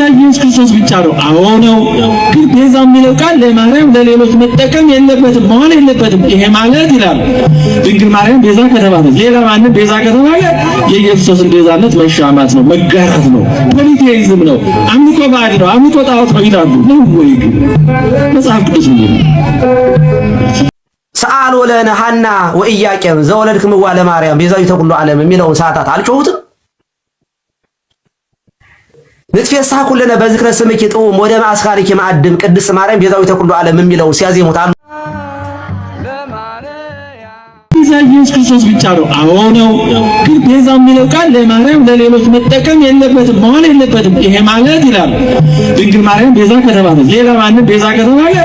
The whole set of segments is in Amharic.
ቤዛ ኢየሱስ ክርስቶስ ብቻ ነው። አዎ ነው። ግን ቤዛ የሚለው ቃል ለማርያም ለሌሎች መጠቀም የለበትም መሆን የለበትም። ይሄ ማለት ይላል ድንግል ማርያም ቤዛ ከተባለ ሌላ ማንም ቤዛ ከተባለ የኢየሱስን ቤዛነት መሻማት ነው፣ መጋራት ነው፣ ፖሊቴይዝም ነው፣ አምልኮ ባዕድ ነው፣ አምልኮ ጣዖት ነው ይላሉ። ነው ወይ ግን መጽሐፍ ቅዱስ ምን ሰአል ወለነ ሐና ወኢያቄም ዘወለድክምዋ ለማርያም ቤዛዊተ ኩሉ ዓለም የሚለውን ሰዓታት አልጮሁትም። ንትፌሳህ ኩልነ በዝክረ ስምኪ ጥዑም ወደ ማእስካሪኪ ማዕድም ቅድስት ማርያም ቤዛዊተ ኩሉ ዓለም የሚለው ሲያዜሙት ቤዛ ኢየሱስ ክርስቶስ ብቻ ነው። አዎ ነው። ግን ቤዛ የሚለው ቃል ለማርያም ለሌሎች መጠቀም የለበትም መሆን የለበትም። ይሄ ማለት ይላል ድንግል ማርያም ቤዛ ከተባለ ሌላ ማንም ቤዛ ከተባለ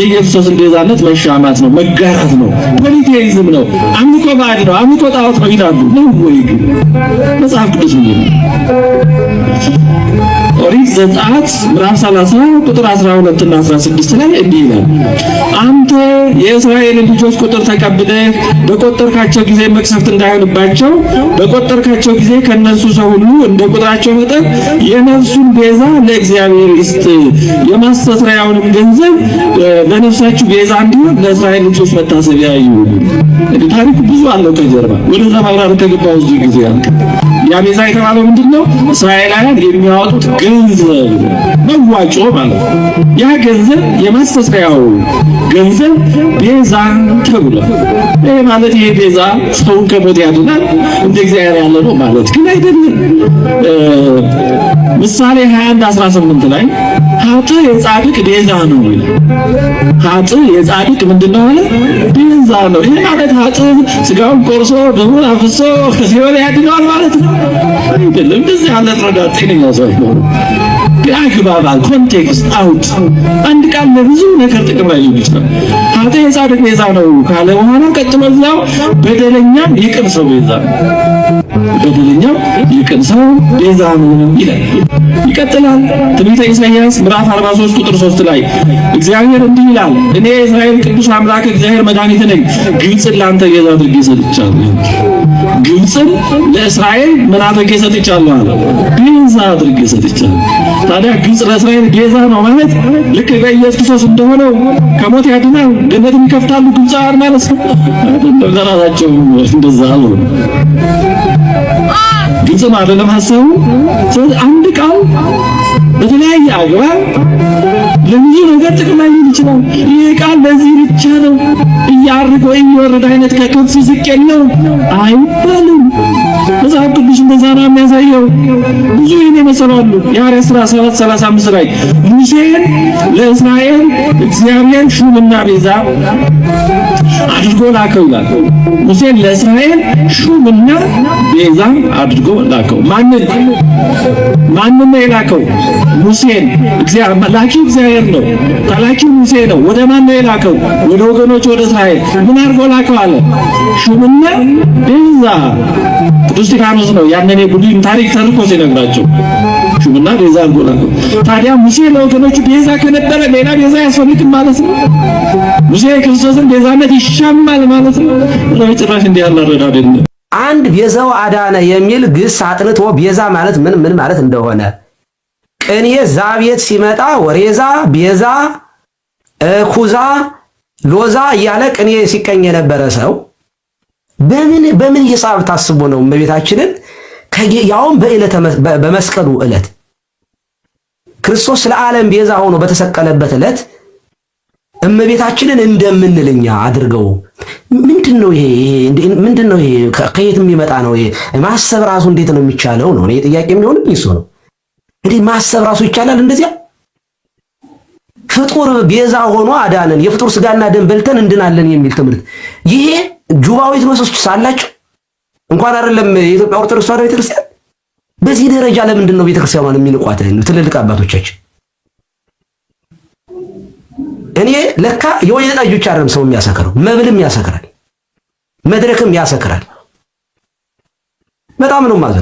የኢየሱስን ቤዛነት መሻማት ነው፣ መጋራት ነው፣ ፖሊቴይዝም ነው፣ አምልኮ ባዕድ ነው፣ አምልኮ ጣዖት ነው ይላሉ። ነው ወይ ግን መጽሐፍ ቅዱስ ነው? ኦሪት ዘጸአት ምዕራፍ 30 ቁጥር 12 እና 16 ላይ እንዲህ ይላል አንተ የእስራኤልን ልጆች ቁጥር ተቀብለህ በቆ በቆጠርካቸው ጊዜ መቅሰፍት እንዳይሆንባቸው በቆጠርካቸው ጊዜ ከነሱ ሰው ሁሉ እንደ ቁጥራቸው መጠን የነፍሱን ቤዛ ለእግዚአብሔር ይስጥ፣ የማስተስሪያውንም ገንዘብ ለነፍሳችሁ ቤዛ እንዲሆን ለእስራኤል ልጆች መታሰቢያ ይሁን። ታሪኩ ብዙ አለው ከጀርባ ወደዛ ማብራር ከገባ ብዙ ጊዜ ያልቅ ያ ቤዛ የተባለው ምንድን ነው? እስራኤላውያን የሚያወጡት ገንዘብ መዋጮ ማለት ነው። ያ ገንዘብ የማስተስሪያው ገንዘብ ቤዛ ተብሏል። ይህ ማለት ይሄ ቤዛ ሰውን ከሞት ያድናል እንደ እግዚአብሔር ያለ ነው ማለት ግን አይደለም። ምሳሌ 21 18 ላይ ሀጡ የጻድቅ ቤዛ ነው ሀጡ የጻድቅ ምንድነው? ቤዛ ነው። ይሄ ማለት ሀጡ ስጋውን ቆርሶ ደሙን አፍሶ ከሲኦል ያድነዋል ማለት ነው አይደለም። እንደዚህ ያለ ረዳ ጤነኛ ሰው ያግባባል። ኮንቴክስት አውት አንድ ቃል ለብዙ ነገር ጥቅም ላይ ሊውል ይችላል። ኃጥእ የጻድቅ ቤዛ ነው ካለ በኋላ ቀጥሎ እዛው በደለኛ የቅን ሰው ቤዛ በደለኛ የቅን ሰው ቤዛ ነው ይላል። ይቀጥላል። ትንቢተ ኢሳይያስ ምዕራፍ 43 ቁጥር 3 ላይ እግዚአብሔር እንዲህ ይላል፣ እኔ የእስራኤል ቅዱስ አምላክ እግዚአብሔር መድኃኒት ነኝ፣ ግብፅን ለአንተ ቤዛ አድርጌ ሰጥቻለሁ። ግብፅን ለእስራኤል ምን አድርጌ ሰጥቻለሁ አለ ቤዛ አድርጌ ሰጥቻለሁ። ታዲያ ግብፅ ለእስራኤል ቤዛ ነው ማለት ልክ በኢየሱስ ክርስቶስ እንደሆነው ከሞት ያድናል ገነትን ይከፍታሉ ግብፃውያን ማለት ነው። ለራሳቸው እንደዛ አሉ። ግብፅም አይደለም ሀሳቡ አንድ ቃል በተለያየ አግባብ ለብዙ ነገር ጥቅም ሊውል ይችላል። ይህ ቃል ለዚህ ብቻ ነው እያርግ ወይም የሚወርድ አይነት ከከፍ ዝቅ የለው አይባልም። መጽሐፍ ቅዱስ እንደዛ ነው የሚያሳየው። ብዙ ይህን የመሰላሉ የሐዋርያት ሥራ 7 35 ላይ ሙሴን ለእስራኤል እግዚአብሔር ሹምና ቤዛ አድርጎ ላከው ይላል። ሙሴን ለእስራኤል ሹምና ቤዛ አድርጎ ላከው። ማንን ማንን ነው የላከው? ሙሴን መላኪ እግዚአብሔር ነው። ተላኪ ሙሴ ነው። ወደ ማን ነው የላከው? ወደ ወገኖች ወደ እስራኤል። ምን አድርጎ ላከው አለ? ሹምና ቤዛ። ቅዱስ እስጢፋኖስ ነው ያንን የብሉይን ታሪክ ተርኮ ሲነግራቸው ሹምና ቤዛ አድርጎ ላከው። ታዲያ ሙሴ ለወገኖቹ ቤዛ ከነበረ ሌላ ቤዛ ያስፈልግም ማለት ነው? ሙሴ የክርስቶስን ቤዛነት ይሻማል ማለት ነው? ጭራሽ እንዲህ ያለ አረዳድ አንድ ቤዛው አዳነ የሚል ግስ አጥንቶ ቤዛ ማለት ምን ምን ማለት እንደሆነ ቅኔ ዛቤት ሲመጣ ወሬዛ፣ ቤዛ፣ ኩዛ፣ ሎዛ እያለ ቅኔ ሲቀኝ የነበረ ሰው በምን በምን ሂሳብ ታስቦ ነው እመቤታችንን ያውም በመስቀሉ ዕለት ክርስቶስ ለዓለም ቤዛ ሆኖ በተሰቀለበት ዕለት እመቤታችንን እንደምንልኛ አድርገው ምንድን ይሄ? ምንድን ይሄ? ከየት የሚመጣ ነው ይሄ? ማሰብ ራሱ እንዴት ነው የሚቻለው? ነው ጥያቄ የሚሆን እሱ ነው። እንዴ ማሰብ ራሱ ይቻላል? እንደዚያ ፍጡር ቤዛ ሆኖ አዳነን፣ የፍጡር ስጋና ደም በልተን እንድናለን የሚል ትምህርት ይሄ ጁባዊት መሶች ሳላቸው እንኳን አይደለም የኢትዮጵያ ኦርቶዶክስ ተዋሕዶ ቤተክርስቲያን በዚህ ደረጃ ለምንድን ነው ቤተክርስቲያኗን የሚንቋት? ትልልቅ አባቶቻችን እኔ ለካ የወይን ጠጆች አይደለም ሰው የሚያሰክረው፣ መብልም ያሰክራል፣ መድረክም ያሰክራል። በጣም ነው ማዝ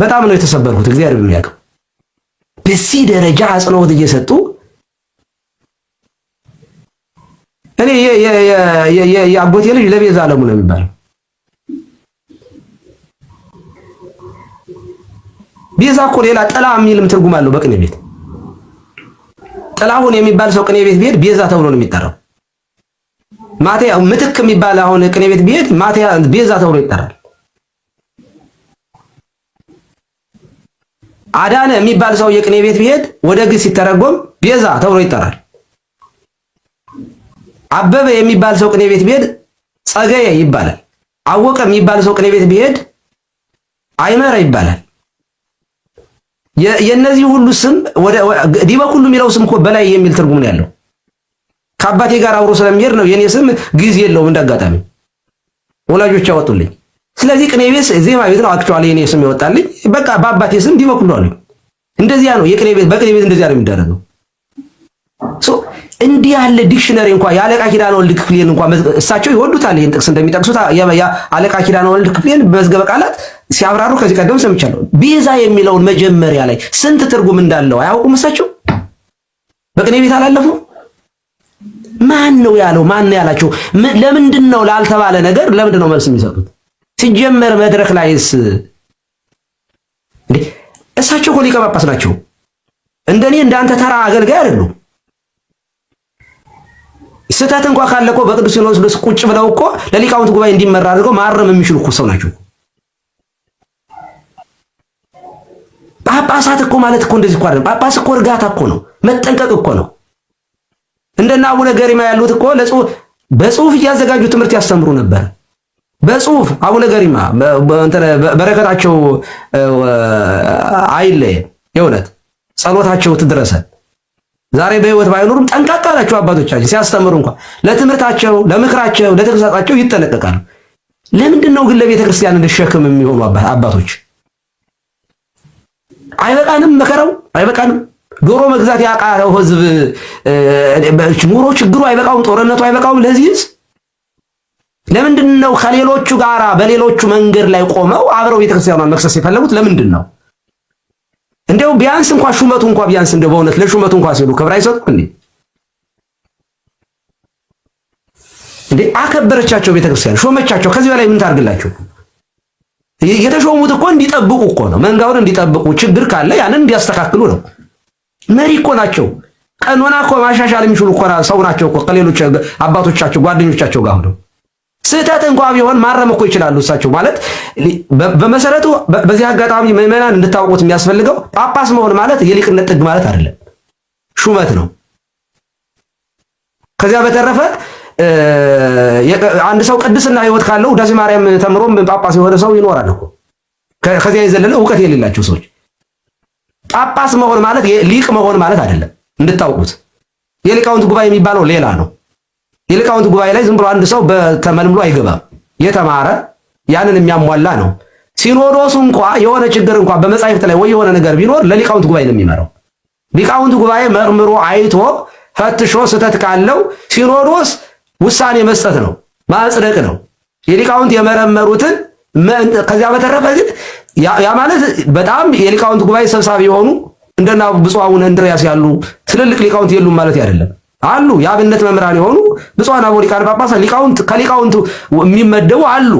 በጣም ነው የተሰበርኩት። እግዚአብሔር የሚያውቀው በዚህ ደረጃ አጽንኦት እየሰጡ እኔ የአጎቴ ልጅ ለቤዛ አለሙ ነው የሚባለው። ቤዛ እኮ ሌላ ጥላ የሚልም ትርጉም አለው በቅኔ ቤት። ጥላሁን የሚባል ሰው ቅኔ ቤት ቢሄድ ቤዛ ተብሎ ነው የሚጠራው። ማቴ ምትክ የሚባል አሁን ቅኔ ቤት ቢሄድ ማቴ ቤዛ ተብሎ ይጠራል። አዳነ የሚባል ሰው የቅኔ ቤት ቢሄድ ወደ ግስ ሲተረጎም ቤዛ ተብሎ ይጠራል። አበበ የሚባል ሰው ቅኔ ቤት ቢሄድ ጸገየ ይባላል። አወቀ የሚባል ሰው ቅኔ ቤት ቢሄድ አይመረ ይባላል። የእነዚህ ሁሉ ስም ወደ ዲበ ሁሉ የሚለው ስም እኮ በላይ የሚል ትርጉም ነው ያለው። ከአባቴ ጋር አብሮ ስለሚሄድ ነው የኔ ስም ግዕዝ የለውም። እንዳጋጣሚ ወላጆች አወጡልኝ። ስለዚህ ቅኔ ቤት ዜማ ቤት ነው። አክቹዋሊ እኔ ስም ይወጣልኝ በቃ በአባቴ ስም ዲበኩሉ አለ። እንደዚያ ነው የቅኔ ቤት በቅኔ ቤት እንደዚያ ነው የሚደረገው። ሶ እንዲህ ያለ ዲክሽነሪ እንኳን የአለቃ ኪዳነ ወልድ ክፍሌን እንኳን እሳቸው ይወዱታል። ይሄን ጥቅስ እንደሚጠቅሱት አለቃ ኪዳነ ወልድ ክፍሌን በመዝገበ ቃላት ሲያብራሩ ከዚህ ቀደም ሰምቻለሁ። ቤዛ የሚለውን መጀመሪያ ላይ ስንት ትርጉም እንዳለው አያውቁም እሳቸው። በቅኔ ቤት አላለፉ። ማን ነው ያለው? ማን ነው ያላቸው? ለምንድን ነው ላልተባለ ነገር ለምንድን ነው መልስ የሚሰጡት? ሲጀመር መድረክ ላይስ እሳቸው እኮ ሊቀ ጳጳስ ናቸው። እንደኔ እንዳንተ ተራ አገልጋይ አይደሉም። ስህተት እንኳ ካለ እኮ በቅዱስ ሲኖዶስ ቁጭ ብለው እኮ ለሊቃውንት ጉባኤ እንዲመራ አድርገው ማረም የሚችሉ እኮ ሰው ናቸው። ጳጳሳት እኮ ማለት እኮ እንደዚህ እኮ አይደለም። ጳጳስ እኮ እርጋታ እኮ ነው፣ መጠንቀቅ እኮ ነው። እንደና አቡነ ገሪማ ያሉት እኮ በጽሁፍ እያዘጋጁ ትምህርት ያስተምሩ ነበር። በጽሁፍ አቡነ ገሪማ በረከታቸው አይለ የእውነት ጸሎታቸው ትድረሰን። ዛሬ በህይወት ባይኖሩም ጠንቃቃ ናቸው። አባቶቻችን ሲያስተምሩ እንኳን ለትምህርታቸው፣ ለምክራቸው፣ ለተግሳጻቸው ይጠነቀቃሉ። ለምንድን ነው ግን ለቤተ ክርስቲያን እንድሸክም የሚሆኑ አባቶች? አይበቃንም? መከራው አይበቃንም? ዶሮ መግዛት ያቃተው ህዝብ ኑሮ ችግሩ አይበቃውም? ጦርነቱ አይበቃውም ለዚህ ህዝብ ለምንድን ነው ከሌሎቹ ጋራ በሌሎቹ መንገድ ላይ ቆመው አብረው ቤተክርስቲያኗን መክሰስ የፈለጉት? ለምንድን ነው እንደው ቢያንስ እንኳን ሹመቱ እንኳን ቢያንስ እንደው በእውነት ለሹመቱ እንኳን ሲሉ ክብር አይሰጡም እንዴ? እንዴ አከበረቻቸው ቤተክርስቲያን፣ ሾመቻቸው። ከዚህ በላይ ምን ታርግላቸው? የተሾሙት እኮ እንዲጠብቁ እኮ ነው፣ መንጋውን እንዲጠብቁ፣ ችግር ካለ ያንን እንዲያስተካክሉ ነው። መሪ እኮ ናቸው። ቀኖና እኮ ማሻሻል የሚችሉ እኮ ሰው ናቸው እኮ ከሌሎች አባቶቻቸው ጓደኞቻቸው ጋር ነው ስህተት እንኳ ቢሆን ማረም እኮ ይችላሉ እሳቸው ማለት በመሰረቱ በዚህ አጋጣሚ ምዕመናን እንድታውቁት የሚያስፈልገው ጳጳስ መሆን ማለት የሊቅነት ጥግ ማለት አይደለም፣ ሹመት ነው። ከዚያ በተረፈ አንድ ሰው ቅድስና ሕይወት ካለው ውዳሴ ማርያም ተምሮም ጳጳስ የሆነ ሰው ይኖራል እኮ። ከዚያ የዘለለ እውቀት የሌላቸው ሰዎች ጳጳስ መሆን ማለት ሊቅ መሆን ማለት አይደለም፣ እንድታውቁት። የሊቃውንት ጉባኤ የሚባለው ሌላ ነው። የሊቃውንት ጉባኤ ላይ ዝም ብሎ አንድ ሰው በተመልምሎ አይገባም። የተማረ ያንን የሚያሟላ ነው። ሲኖዶሱ እንኳ የሆነ ችግር እንኳ በመጻሕፍት ላይ ወይ የሆነ ነገር ቢኖር ለሊቃውንት ጉባኤ ነው የሚመራው። ሊቃውንት ጉባኤ መርምሮ አይቶ ፈትሾ ስህተት ካለው ሲኖዶስ ውሳኔ መስጠት ነው፣ ማጽደቅ ነው። የሊቃውንት የመረመሩትን ከዚያ በተረፈ ግን ያ ማለት በጣም የሊቃውንት ጉባኤ ሰብሳቢ የሆኑ እንደና ብፁዕ አቡነ እንድርያስ ያሉ ትልልቅ ሊቃውንት የሉም ማለት አይደለም። አሉ የአብነት መምህራን የሆኑ ብፁዓን አበው ሊቃነ ጳጳሳት ሊቃውንት ከሊቃውንቱ የሚመደቡ አሉ።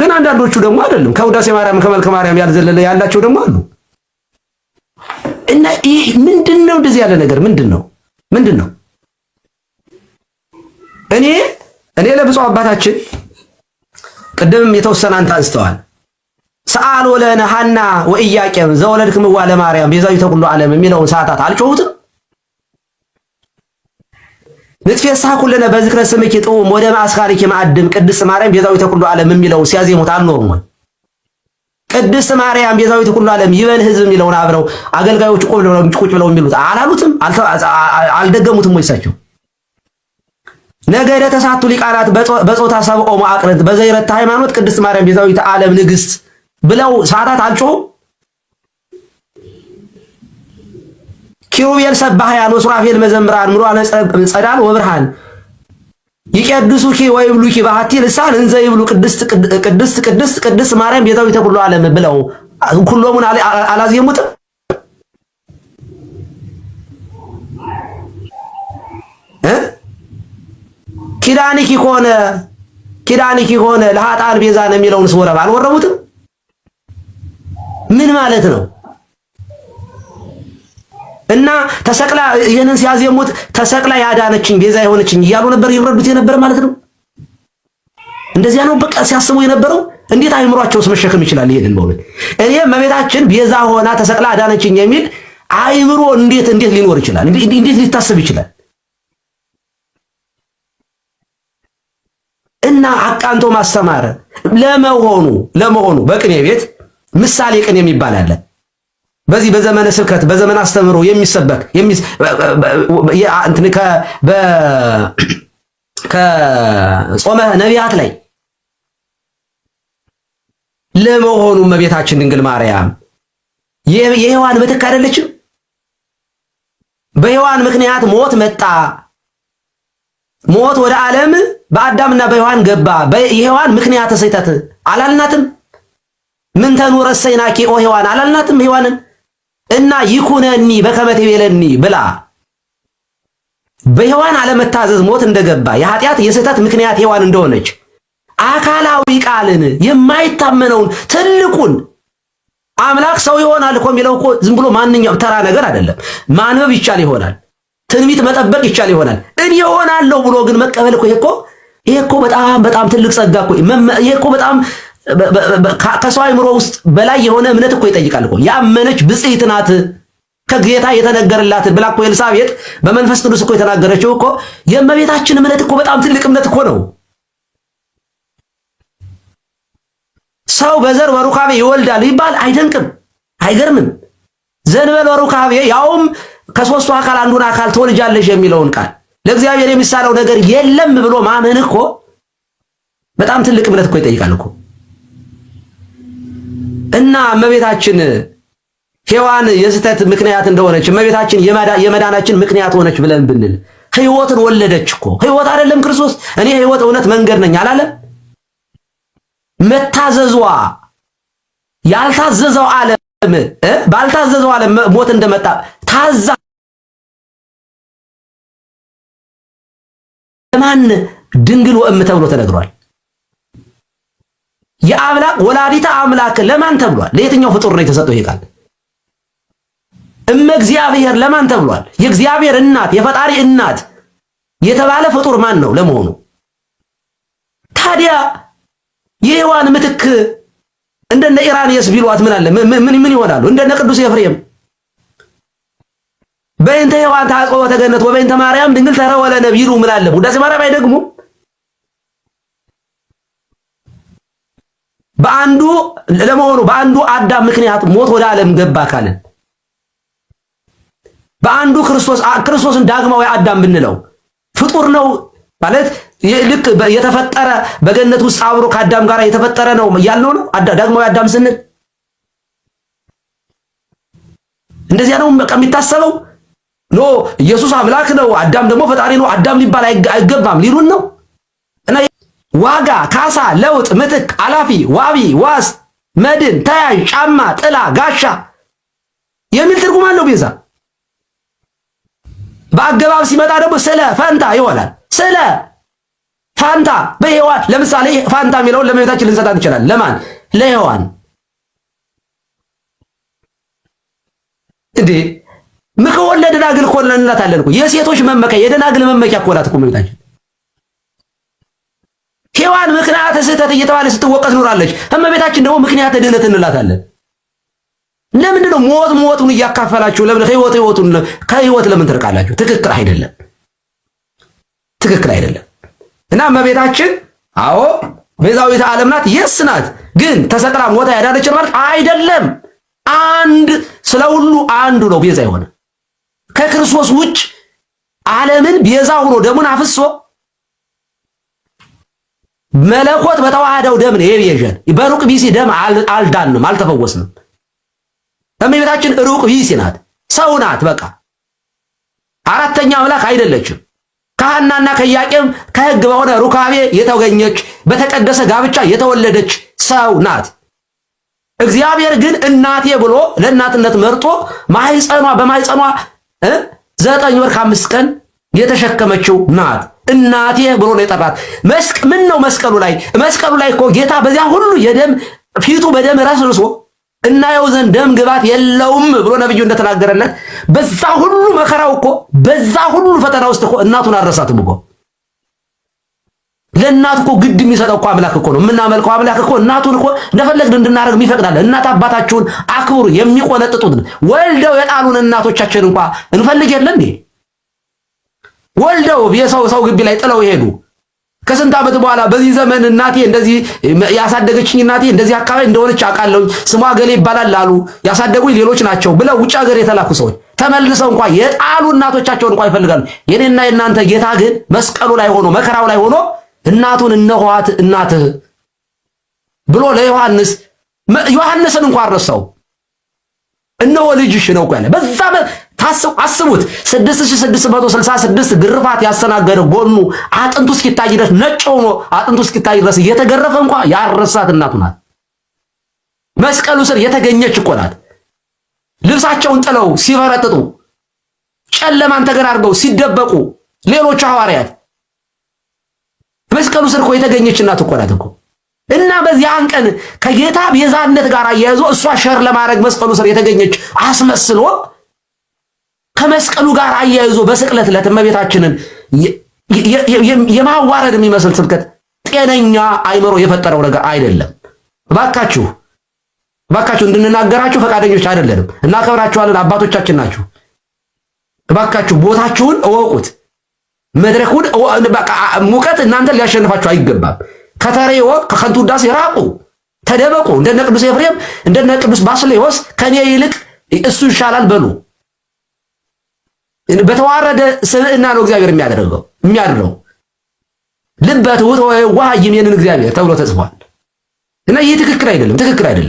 ግን አንዳንዶቹ ደግሞ አይደለም ከውዳሴ ማርያም ከመልከ ማርያም ያልዘለለ ያላቸው ደግሞ አሉ። እና ይህ ምንድን ነው? እንደዚህ ያለ ነገር ምንድን ነው? ምንድን ነው? እኔ እኔ ለብፁዕ አባታችን ቅድምም የተወሰነ አንተ አንስተዋል። ሰአል ወለነ ሐና ወኢያቄም ዘወለድክምዋ ለማርያም ቤዛዊተ ኩሉ ዓለም የሚለውን ሰዓታት አልጮሁትም ንትፌሳ ኩልነ በዝክረ ስምኪ ጥዑም ወደ ማእስካሪኪ ማዕድም ቅድስት ማርያም ቤዛዊተ ኩሉ ዓለም የሚለው ሲያዜሙት አልኖሩም። ቅድስት ማርያም ቤዛዊተ ኩሉ ዓለም ይበል ህዝብ የሚለውን አብረው አገልጋዮቹ ቁጭ ብለው ብለው የሚሉት አላሉትም፣ አልደገሙትም። ወይ? ወይሳቸው ነገደ ተሳቱ ሊቃናት በጾታ ሰብኦ መዋቅረት በዘይረታ ሃይማኖት ቅድስት ማርያም ቤዛዊተ ዓለም ንግሥት ብለው ሰዓታት አልጮሁም። ኪሩቤል ሰባህያን ወሱራፌል መዘምራን ምሉዓነ ጸዳል ወብርሃን ይቀድሱኪ ወይብሉኪ ባሕቲ ልሳን እንዘ ይብሉ ቅድስት ቅድስት ቅድስት ቅድስት ማርያም ቤዛዊተ ይተብሉ ዓለም ብለው ሁሎሙን አላዜሙትም። ኪዳንኪ ሆነ ኪዳንኪ ሆነ ለሃጣን ቤዛ ነው የሚለውን ስወረብ አልወረቡትም። ምን ማለት ነው? እና ተሰቅላ ይህንን ሲያዜሙት ተሰቅላ ያዳነችኝ ቤዛ የሆነችኝ እያሉ ነበር ይረዱት የነበረ ማለት ነው። እንደዚያ ነው በቃ ሲያስቡ የነበረው። እንዴት አይምሯቸውስ መሸከም ይችላል? ይሄንን በእውነት እኔ መቤታችን ቤዛ ሆና ተሰቅላ አዳነችኝ የሚል አይምሮ እንዴት እንዴት ሊኖር ይችላል? እንዴት ሊታስብ ይችላል? እና አቃንቶ ማስተማር ለመሆኑ ለመሆኑ በቅኔ ቤት ምሳሌ ቅኔ የሚባል አለ። በዚህ በዘመነ ስብከት በዘመነ አስተምህሮ የሚሰበክ ከጾመ ነቢያት ላይ ለመሆኑ እመቤታችን ድንግል ማርያም የሔዋን ምትክ አይደለችም? በሔዋን ምክንያት ሞት መጣ። ሞት ወደ ዓለም በአዳምና በሔዋን ገባ። የሔዋን ምክንያት ስህተት አላልናትም? ምን ተኑረሰይናኪ ኦ ሔዋን አላልናትም? ሔዋንን እና ይኩነኒ በከመቴ ቤለኒ ብላ በሔዋን አለመታዘዝ ሞት እንደገባ የኃጢአት የስህተት ምክንያት ሔዋን እንደሆነች አካላዊ ቃልን የማይታመነውን ትልቁን አምላክ ሰው ይሆናል እኮ የሚለው እኮ ዝም ብሎ ማንኛውም ተራ ነገር አይደለም። ማንበብ ይቻል ይሆናል፣ ትንቢት መጠበቅ ይቻል ይሆናል። እኔ እሆናለሁ ብሎ ግን መቀበል እኮ ይሄ እኮ በጣም በጣም ትልቅ ጸጋ እኮ ይሄ እኮ በጣም ከሰው አይምሮ ውስጥ በላይ የሆነ እምነት እኮ ይጠይቃል እኮ ያመነች ብጽዕት ናት ከጌታ የተነገረላት ብላ እኮ ኤልሳቤጥ በመንፈስ ቅዱስ እኮ የተናገረችው እኮ የእመቤታችን እምነት እኮ በጣም ትልቅ እምነት እኮ ነው። ሰው በዘር ወሩካቤ ይወልዳል ይባል አይደንቅም፣ አይገርምም። ዘንበል ወሩካቤ ያውም ከሶስቱ አካል አንዱን አካል ትወልጃለሽ የሚለውን ቃል ለእግዚአብሔር የሚሳለው ነገር የለም ብሎ ማመን እኮ በጣም ትልቅ እምነት እኮ ይጠይቃል እኮ እና እመቤታችን ሔዋን የስህተት ምክንያት እንደሆነች እመቤታችን የመዳናችን ምክንያት ሆነች ብለን ብንል ህይወትን ወለደች እኮ ህይወት አይደለም ክርስቶስ እኔ ህይወት እውነት መንገድ ነኝ አላለም? መታዘዟ ያልታዘዘው ዓለም ባልታዘዘው ዓለም ሞት እንደመጣ ታዛ ለማን ድንግል ወእም ተብሎ ተነግሯል። የአምላክ ወላዲታ አምላክ ለማን ተብሏል? ለየትኛው ፍጡር ነው የተሰጠው ይሄ ቃል? እመ እግዚአብሔር ለማን ተብሏል? የእግዚአብሔር እናት የፈጣሪ እናት የተባለ ፍጡር ማን ነው ለመሆኑ? ታዲያ የሔዋን ምትክ እንደነ ኢራንየስ ቢሏት ምን አለ? ምን ምን ይሆናሉ? እንደነ ቅዱስ ኤፍሬም በእንተ ሔዋን ታጽወ ተገነት ወበእንተ ማርያም ድንግል ተረወለነ ቢሉ ምን አለ? ውዳሴ ማርያም አይደግሙም? በአንዱ ለመሆኑ በአንዱ አዳም ምክንያት ሞት ወደ ዓለም ገባ ካልን በአንዱ ክርስቶስ ክርስቶስን ዳግማዊ አዳም ብንለው ፍጡር ነው ማለት ልክ የተፈጠረ በገነት ውስጥ አብሮ ከአዳም ጋር የተፈጠረ ነው ያልነው ነው። ዳግማዊ አዳም ስንል እንደዚያ ነው በቃ የሚታሰበው። ኖ ኢየሱስ አምላክ ነው፣ አዳም ደግሞ ፈጣሪ ነው፣ አዳም ሊባል አይገባም ሊሉን ነው። ዋጋ፣ ካሳ፣ ለውጥ፣ ምትክ፣ አላፊ፣ ዋቢ፣ ዋስ፣ መድን፣ ተያዥ፣ ጫማ፣ ጥላ፣ ጋሻ የሚል ትርጉም አለው ቤዛ። በአገባብ ሲመጣ ደግሞ ስለ ፈንታ ይሆናል። ስለ ፋንታ በሔዋን ለምሳሌ ፋንታ የሚለውን ለመቤታችን ልንሰጣት ይችላል። ለማን? ለሔዋን እንዴ ምክወን ለደናግል እኮ እንላታለን የሴቶች መመኪያ የደናግል መመኪያ ኮላት ናት እኮ መቤታችን ሔዋን ምክንያተ ስህተት እየተባለ ስትወቀስ ኖራለች እመቤታችን ደግሞ ምክንያተ ድህነት እንላታለን። ለምንድን ነው ሞት ሞቱን እያካፈላችሁ ለምን ህይወት ህይወቱን ከህይወት ለምን ትርቃላችሁ? ትክክል አይደለም፣ ትክክል አይደለም። እና እመቤታችን አዎ ቤዛዊት ዓለም ናት፣ የስ ናት። ግን ተሰቅላ ሞታ ያዳነችን ማለት አይደለም። አንድ ስለ ሁሉ አንዱ ነው ቤዛ የሆነ ከክርስቶስ ውጭ ዓለምን ቤዛ ሆኖ ደሙን አፍሶ መለኮት በተዋሃደው ደም ነው የቤዠን። በሩቅ ቢሲ ደም አልዳንም፣ አልተፈወስንም። እመቤታችን ሩቅ ቢሲ ናት፣ ሰው ናት። በቃ አራተኛ አምላክ አይደለችም። ከሐናና ከኢያቄም ከሕግ በሆነ ሩካቤ የተገኘች በተቀደሰ ጋብቻ የተወለደች ሰው ናት። እግዚአብሔር ግን እናቴ ብሎ ለእናትነት መርጦ ማህፀኗ በማህፀኗ ዘጠኝ ወር ከአምስት ቀን የተሸከመችው ናት። እናቴ ብሎ ነው የጠራት። መስቅ ምን ነው መስቀሉ ላይ መስቀሉ ላይ እኮ ጌታ በዚያ ሁሉ የደም ፊቱ በደም ረስርሶ እናየው ዘንድ ደም ግባት የለውም ብሎ ነብዩ እንደተናገረለት በዛ ሁሉ መከራው እኮ በዛ ሁሉ ፈተና ውስጥ እኮ እናቱን አረሳትም እኮ። ለእናት እኮ ግድ የሚሰጠው እኮ አምላክ እኮ ነው። የምናመልከው አምላክ እኮ እናቱን እኮ እንደፈለግን እንድናደርግ የሚፈቅዳለን። እናት አባታችሁን አክብሩ የሚቆነጥጡትን ወልደው የጣሉን እናቶቻችን እንኳ እንፈልግ የለን ወልደው የሰው ሰው ግቢ ላይ ጥለው ይሄዱ። ከስንት ዓመት በኋላ በዚህ ዘመን እናቴ እንደዚህ ያሳደገችኝ እናቴ እንደዚህ አካባቢ እንደሆነች አውቃለሁኝ ስሟ ገሌ ይባላል አሉ ያሳደጉኝ ሌሎች ናቸው ብለው ውጭ ሀገር የተላኩ ሰዎች ተመልሰው እንኳ የጣሉ እናቶቻቸውን እንኳ ይፈልጋሉ። የኔና የእናንተ ጌታ ግን መስቀሉ ላይ ሆኖ መከራው ላይ ሆኖ እናቱን እነኋት እናትህ ብሎ ለዮሐንስ ዮሐንስን እንኳ አረሳው እነሆ ልጅሽ ነው እኮ ያለ በዛ አስቡት 6666 ግርፋት ያስተናገደ ጎኑ አጥንቱ እስኪታይ ድረስ ነጭ ሆኖ አጥንቱ እስኪታይ ድረስ እየተገረፈ እንኳ ያረሳት እናቱ ናት። መስቀሉ ስር የተገኘች እኮ ናት። ልብሳቸውን ጥለው ሲፈረጥጡ፣ ጨለማን ተገራርገው ሲደበቁ ሌሎቹ ሐዋርያት መስቀሉ ስር እኮ የተገኘች እናት እኮ ናት እኮ እና በዚያን ቀን ከጌታ ቤዛነት ጋር አያይዞ እሷ ሸር ለማድረግ መስቀሉ ስር የተገኘች አስመስሎ ከመስቀሉ ጋር አያይዞ በስቅለት ዕለት እመቤታችንን የማዋረድ የሚመስል ስብከት ጤነኛ አይምሮ የፈጠረው ነገር አይደለም። እባካችሁ እባካችሁ እንድንናገራችሁ ፈቃደኞች አይደለንም። እናከብራችኋለን፣ አባቶቻችን ናችሁ። እባካችሁ ቦታችሁን እወቁት፣ መድረኩን ሙቀት እናንተ ሊያሸንፋችሁ አይገባም። ከተሬ ወቅ ከከንቱ ውዳሴ ራቁ፣ ተደበቁ። እንደነ ቅዱስ ኤፍሬም እንደነ ቅዱስ ባስሌዎስ ከኔ ይልቅ እሱ ይሻላል በሉ። በተዋረደ ስብዕና ነው እግዚአብሔር የሚያደርገው የሚያድለው። ልበ ትሑት ወየዋህ ይሜንን እግዚአብሔር ተብሎ ተጽፏል እና ይህ ትክክል አይደለም፣ ትክክል አይደለም።